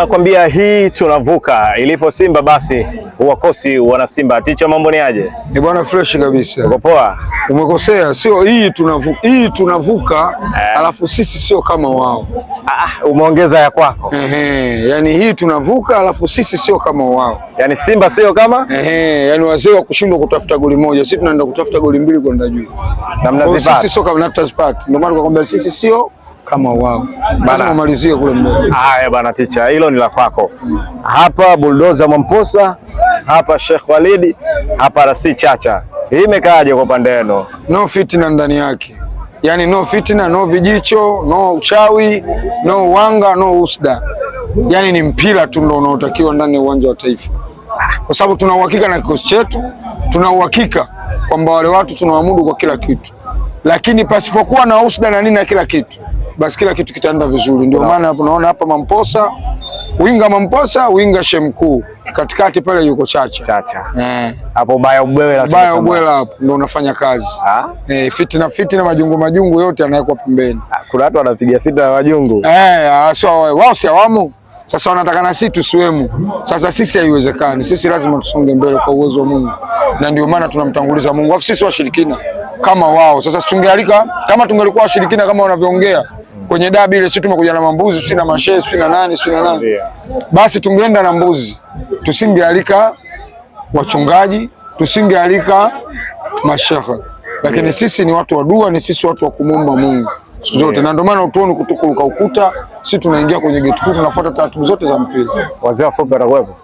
wanakwambia hii tunavuka. Ilipo Simba basi uwakosi wana Simba. Ticha, mambo ni aje? Ni bwana, fresh kabisa. Uko poa? Umekosea, sio hii tunavuka, hii tunavuka eh. Alafu sisi sio kama wao. Ah, ah, umeongeza ya kwako. Ehe, yani hii tunavuka alafu sisi sio kama wao. Yani Simba sio kama? Ehe, yani wazee wa kushindwa kutafuta goli moja, sisi tunaenda kutafuta goli mbili kwenda juu. na mnazipata Sisi sio kama, ndio maana tunakwambia sisi sio kama wao. Bana malizie kule mbele. Haya bana, ticha hilo ni la kwako. Hapa Bulldozer Mwamposa, hapa Sheikh Walidi, hapa Rasi Chacha. Hii imekaaje kwa pande yenu? No fitina ndani yake. Yaani no fitina, no vijicho, no uchawi, no wanga, no usda. Yaani ni mpira tu ndio unaotakiwa ndani ya uwanja wa Taifa, kwa sababu tuna uhakika na kikosi chetu, tuna uhakika kwamba wale watu tunawaamudu kwa kila kitu, lakini pasipokuwa na usda na nini na kila kitu basi kila kitu kitaenda vizuri. Ndio maana unaona hapa Mamposa winga Mamposa winga Shemkuu, katikati pale yuko Chacha Chacha eh, hapo baya ubwela la baya ubwela hapo ndio unafanya kazi ah? eh, fitina fitina majungu majungu yote yanawekwa pembeni. Ah, kuna watu wanapiga fitina na majungu eh, ah, sio wao, si awamu sasa wanataka na sisi tusiwemo. Sasa sisi haiwezekani, sisi lazima tusonge mbele kwa uwezo wa Mungu, na ndio maana tunamtanguliza Mungu. Afu sisi washirikina kama wao, sasa tungealika kama tungelikuwa washirikina kama wanavyoongea kwenye dabi ile, sisi tumekuja na mambuzi, sisi na mashe, sisi na nani, sisi na nani. Basi tungeenda na mbuzi, tusingealika wachungaji, tusingealika mashehe, lakini yeah. sisi ni watu wa dua, ni sisi watu wa kumwomba Mungu siku zote yeah. Na ndio maana utuone kutukuruka ukuta, sisi tunaingia kwenye geti kuu, tunafuata taratibu zote za mpira. Wazee wafupi watakuwepo.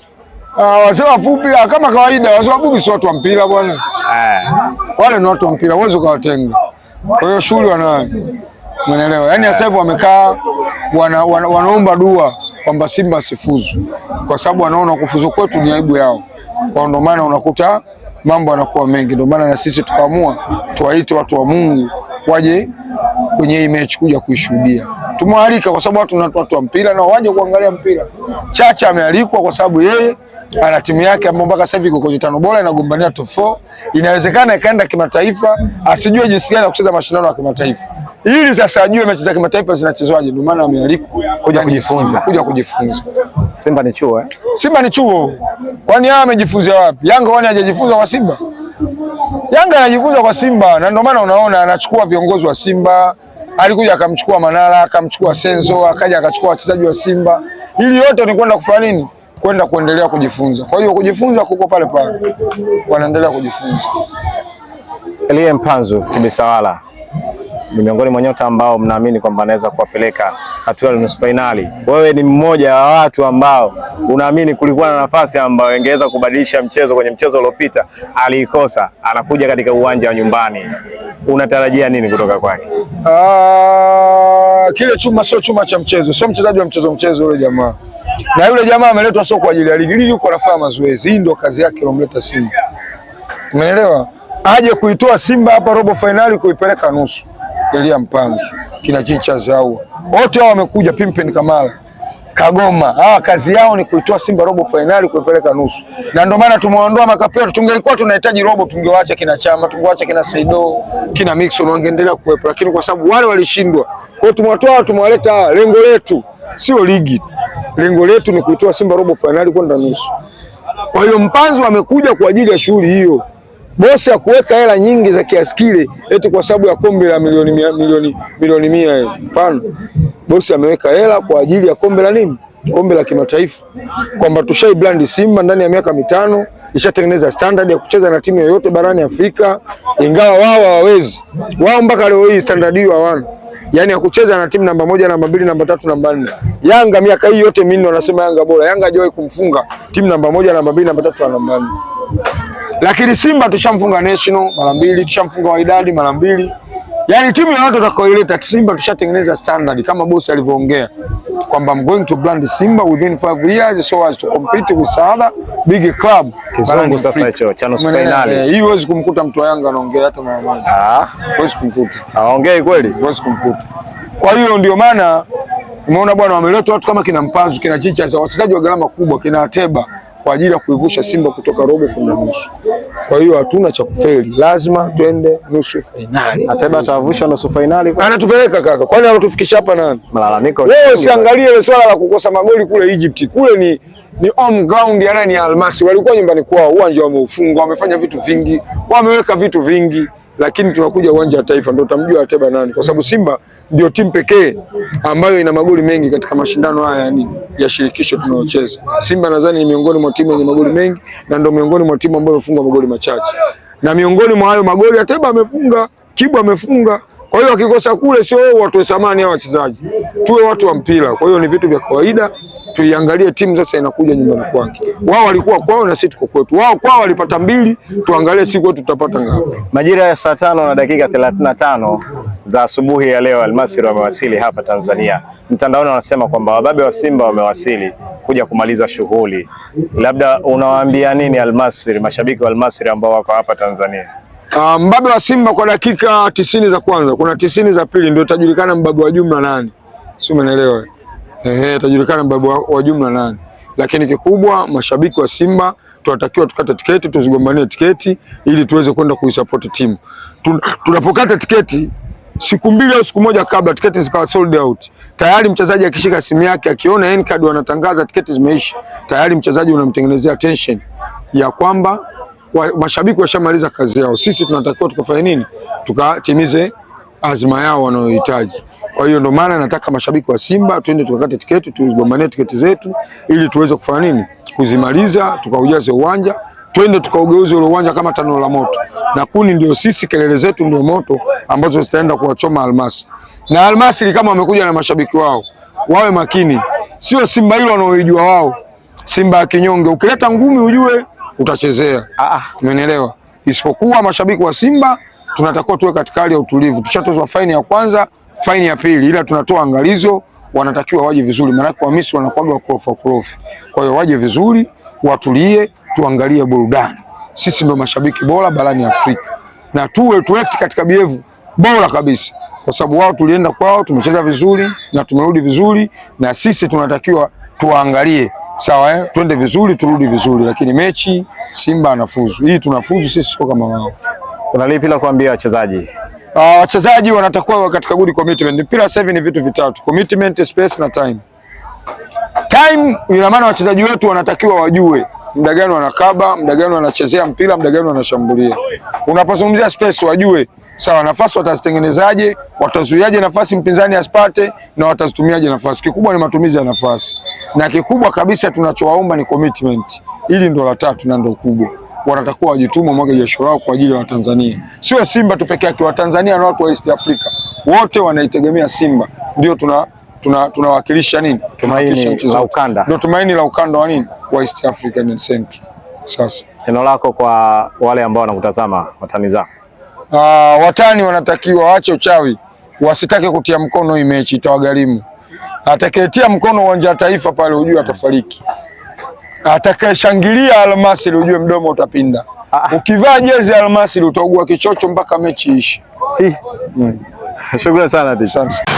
Ah, wazee fupi ah, kama kawaida, wazee fupi si watu wa mpira bwana. Ah. Wale ni watu wa mpira, uweze ukawatenga Kwa hiyo shughuli wanayo. Umeelewa? Yaani sasa hivi wamekaa wana, wana, wanaomba dua kwamba Simba asifuzu kwa sababu wanaona kufuzu kwetu ni aibu yao, kwa ndo maana unakuta mambo yanakuwa mengi. Ndio maana na sisi tukaamua tuwaite watu wa Mungu waje kwenye hii mechi kuja kuishuhudia tumewaalika kwa sababu watu watu wa mpira na waje kuangalia mpira. Chacha amealikwa kwa sababu yeye ana timu yake ambayo mpaka sasa hivi iko kwenye tano bora inagombania top 4. Inawezekana ikaenda kimataifa, asijue jinsi gani ya kucheza mashindano ya kimataifa, ili sasa ajue mechi za kimataifa zinachezwaje. Ndio maana amealikwa kuja kujifunza, kuja kujifunza. Simba ni chuo eh? Simba ni chuo. Kwani yeye amejifunza wapi? Yanga wani hajajifunza kwa Simba? Yanga anajifunza kwa Simba na ndio maana unaona anachukua viongozi wa Simba alikuja akamchukua Manara, akamchukua Senzo, akaja akachukua wachezaji wa Simba. Hili yote ni kwenda kufanya nini? Kwenda kuendelea kujifunza. Kwa hiyo kujifunza kuko pale pale, wanaendelea kujifunza. Elie Mpanzu kibisawala ni miongoni mwa nyota ambao mnaamini kwamba anaweza kuwapeleka hatua ya nusu fainali. Wewe ni mmoja wa watu ambao unaamini kulikuwa na nafasi ambayo ingeweza kubadilisha mchezo kwenye mchezo uliopita, aliikosa. Anakuja katika uwanja wa nyumbani, unatarajia nini kutoka kwake? Ah, kile chuma sio chuma cha mchezo, sio mchezaji wa mchezo mchezo yule jamaa, na yule jamaa ameletwa sio kwa ajili ya ligi. Ligi yuko anafanya mazoezi, hii ndio kazi yake ilomleta Simba, umeelewa? Aje kuitoa Simba hapa robo fainali, kuipeleka nusu Elia Mpanzu, kina Chicha Zaua, wote hao wamekuja. Pimpin Kamala Kagoma, hawa kazi yao ni kuitoa Simba robo fainali kuipeleka nusu, na ndio maana tumeondoa makapeo. Tungelikuwa tunahitaji robo, tungewacha kina Chama, tungewacha kina Saido, kina Mixon wangeendelea kuwepo, lakini kwa sababu wale walishindwa, kwa hiyo tumewatoa, tumewaleta hawa. Lengo letu sio ligi, lengo letu ni kuitoa Simba robo fainali kwenda nusu. Kwa hiyo Mpanzu amekuja kwa ajili ya shughuli hiyo bosi ya kuweka hela nyingi za kiasi kile eti kwa sababu ya kombe la milioni mia, milioni milioni mia. Eh, hapana, bosi ameweka hela kwa ajili ya kombe la nini? Kombe la kimataifa, kwamba tushai brand Simba ndani ya miaka mitano ishatengeneza standard ya kucheza na timu yoyote barani Afrika, ingawa wao hawawezi wao, mpaka leo hii standard hiyo hawana yaani ya kucheza na timu namba moja, namba mbili, namba tatu, namba nne. Yanga miaka hii yote minne wanasema Yanga bora. Yanga hajawahi kumfunga timu namba moja, namba mbili, namba tatu na namba nne lakini Simba tushamfunga National mara mbili, tushamfunga Wydad mara mbili. Yaani timu ya watu utakaoileta Simba tushatengeneza standard kama bosi alivyoongea kwamba I'm going to brand Simba within 5 years so as to compete with other big club. Kizungu sasa hicho cha nusu finali. Hii huwezi kumkuta mtu wa Yanga anaongea hata mara moja. Ah, huwezi kumkuta. Aongei kweli? Huwezi kumkuta. Kwa hiyo ndio maana umeona bwana wameleta watu kama kina Mpanzu, kina Chicha za wachezaji wa gharama kubwa, kina Ateba kwa ajili ya kuivusha Simba kutoka robo kwenda nusu. Kwa hiyo hatuna cha kufeli, lazima twende nusu fainali. Ateba atavusha nusu fainali, anatupeleka kaka. Kwani anatufikisha hapa nani? Malalamiko leo, siangalie ile swala la kukosa magoli kule Egypt, kule ni ni home ground yana ni Almasi walikuwa nyumbani kwao, uwanja wameufungwa, wamefanya vitu vingi, wameweka vitu vingi lakini tunakuja uwanja wa Taifa ndio utamjua Ateba nani, kwa sababu Simba ndio timu pekee ambayo ina magoli mengi katika mashindano haya yani ya shirikisho tunayocheza. Simba nadhani ni miongoni mwa timu yenye magoli mengi na ndio miongoni mwa timu ambayo imefunga magoli machache, na miongoni mwa hayo magoli Ateba amefunga, Kibu amefunga. Kwa hiyo wakikosa kule, sio watu wa samani hao wachezaji, tuwe watu wa mpira. Kwa hiyo ni vitu vya kawaida tuiangalie timu sasa inakuja nyumbani kwake. Wao walikuwa kwao na sisi tuko kwetu. Wao kwao walipata mbili, tuangalie siku kwetu tutapata ngapi. Majira ya saa tano na dakika 35 za asubuhi ya leo Almasiri wamewasili hapa Tanzania. Mtandaoni wanasema kwamba wababe wa Simba wamewasili kuja kumaliza shughuli. Labda unawaambia nini Almasiri, mashabiki wa Almasiri ambao wako hapa Tanzania? Uh, mbabe wa Simba kwa dakika tisini za kwanza, kuna tisini za pili ndio itajulikana mbabe wa jumla nani, si umeelewa? ehe, tajulikana mbabe wa jumla nani, lakini kikubwa, mashabiki wa Simba tunatakiwa tukate tiketi, tuzigombanie tiketi ili tuweze kwenda kuisupport timu. Tunapokata tiketi siku mbili au siku moja kabla tiketi zikawa sold out tayari, mchezaji akishika simu yake akiona end card wanatangaza tiketi zimeisha tayari, mchezaji unamtengenezea tension ya kwamba wa, mashabiki washamaliza kazi yao. Sisi tunatakiwa tukafanya nini, tukatimize azma yao wanayohitaji. Kwa hiyo ndio maana nataka mashabiki wa Simba twende tukakate tiketi, tugombanie tiketi zetu ili tuweze kufanya nini, kuzimaliza, tukaujaze uwanja twende tukaugeuze ule uwanja kama tano la moto, na kuni ndio sisi, kelele zetu ndio moto ambazo zitaenda kuwachoma Almasi. Na Almasi kama wamekuja na mashabiki wao, wawe makini, sio Simba hilo wanaoijua wao, Simba ya kinyonge. Ukileta ngumi ujue utachezea, ah, ah. umenielewa? Isipokuwa mashabiki wa Simba tunatakiwa tuwe katika hali ya utulivu. Tushatozwa faini ya kwanza, faini ya pili, ila tunatoa angalizo, wanatakiwa waje vizuri, maanake wa Misri wanakuaga wakorofi wakorofi. Kwa hiyo waje vizuri, watulie, tuangalie burudani. Sisi ndio mashabiki bora barani Afrika na tuwe tuekti katika bievu bora kabisa, kwa sababu wao tulienda kwao tumecheza vizuri na tumerudi vizuri, na sisi tunatakiwa tuangalie sawa, eh? Twende vizuri turudi vizuri, lakini mechi Simba anafuzu hii, tunafuzu sisi, sio kama wao. Kuna lipi la kuambia wachezaji? Uh, wachezaji wanatakuwa wawe katika good commitment. Mpira sasa hivi ni vitu vitatu: commitment, space na time. Time ina maana wachezaji wetu wanatakiwa wajue muda gani wanakaba, muda gani wanachezea mpira, muda gani wanashambulia. Unapozungumzia space, wajue sawa, nafasi watazitengenezaje, watazuiaje nafasi mpinzani asipate, na watazitumiaje nafasi. Kikubwa ni matumizi ya nafasi, na kikubwa kabisa tunachowaomba ni commitment. Hili ndo la tatu na ndo kubwa wanatakuwa wajituma mwage jasho lao kwa ajili ya Watanzania, sio Simba tu peke yake. Watanzania na watu wa East Africa wote wanaitegemea Simba, ndio tuna tunawakilisha tuna nini, tumaini la ukanda, ndio tumaini la ukanda wa nini wa East African Centre. Sasa neno lako kwa wale ambao wanakutazama watani zao. Uh, watani wanatakiwa waache uchawi, wasitake kutia mkono. Hii mechi itawagharimu. Atakayetia mkono uwanja wa Taifa pale, ujue atafariki atakayeshangilia Almasri ujue mdomo utapinda. Ah. Ukivaa jezi Almasri utaugua kichocho mpaka mechi ishi. Hmm. Shukrani sana.